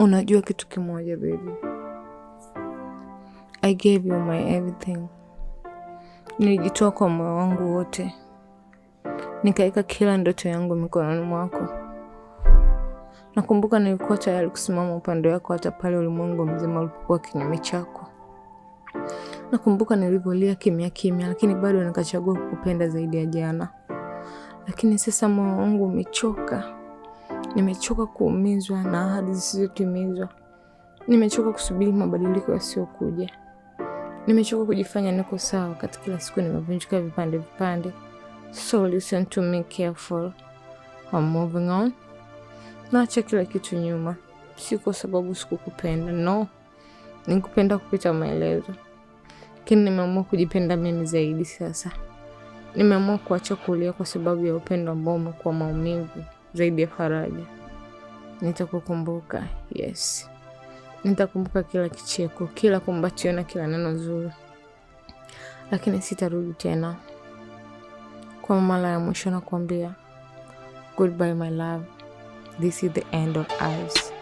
Unajua kitu kimoja baby, I gave you my everything. Nilijitoa kwa moyo wangu wote, nikaweka kila ndoto yangu mikononi mwako. Nakumbuka nilikuwa tayari kusimama upande wako hata pale ulimwengu mzima ulipokuwa kinyume chako. Nakumbuka nilivyolia kimya kimya, lakini bado nikachagua kukupenda zaidi ya jana. Lakini sasa moyo wangu umechoka Nimechoka kuumizwa na ahadi zisizotimizwa. Nimechoka kusubiri mabadiliko yasiyokuja. Nimechoka kujifanya niko sawa wakati kila siku nimevunjika vipande vipande. So listen to me careful. I'm moving on. Naacha kila kitu nyuma, si kwa sababu sikukupenda, no, nikupenda kupita maelezo, lakini nimeamua kujipenda mimi zaidi sasa. Nimeamua kuacha kulia kwa sababu ya upendo ambao umekuwa maumivu zaidi ya faraja. Nitakukumbuka, yes, nitakumbuka kila kicheko, kila kumbatio na kila neno zuri, lakini sitarudi tena. Kwa mara ya mwisho nakuambia goodbye my love, this is the end of us.